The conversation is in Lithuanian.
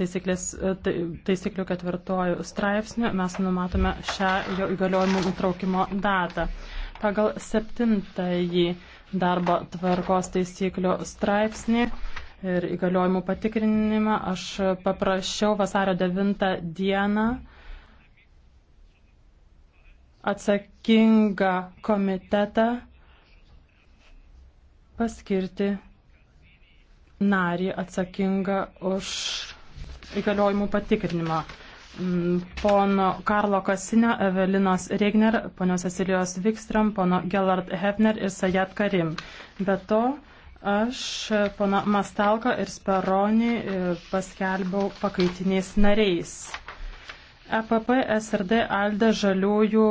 E, tai, taisyklių ketvirtojų straipsnių mes numatome šią jo įgaliojimų nutraukimo datą. Pagal septintąjį darbo tvarkos taisyklių straipsnį ir įgaliojimų patikrinimą aš paprašiau vasario 9 dieną atsakingą komitetą paskirti narį atsakingą už įgaliojimų patikrinimą. Mm, pono Karlo Kasinio, Evelinos Regner, ponios Cecilijos Vikstrom, pono Gellard Hefner ir Sajat Karim. Be to, aš pono Mastalką ir Speronį e, paskelbiau pakaitiniais nariais. EPP, SRD, ALDE, Žaliųjų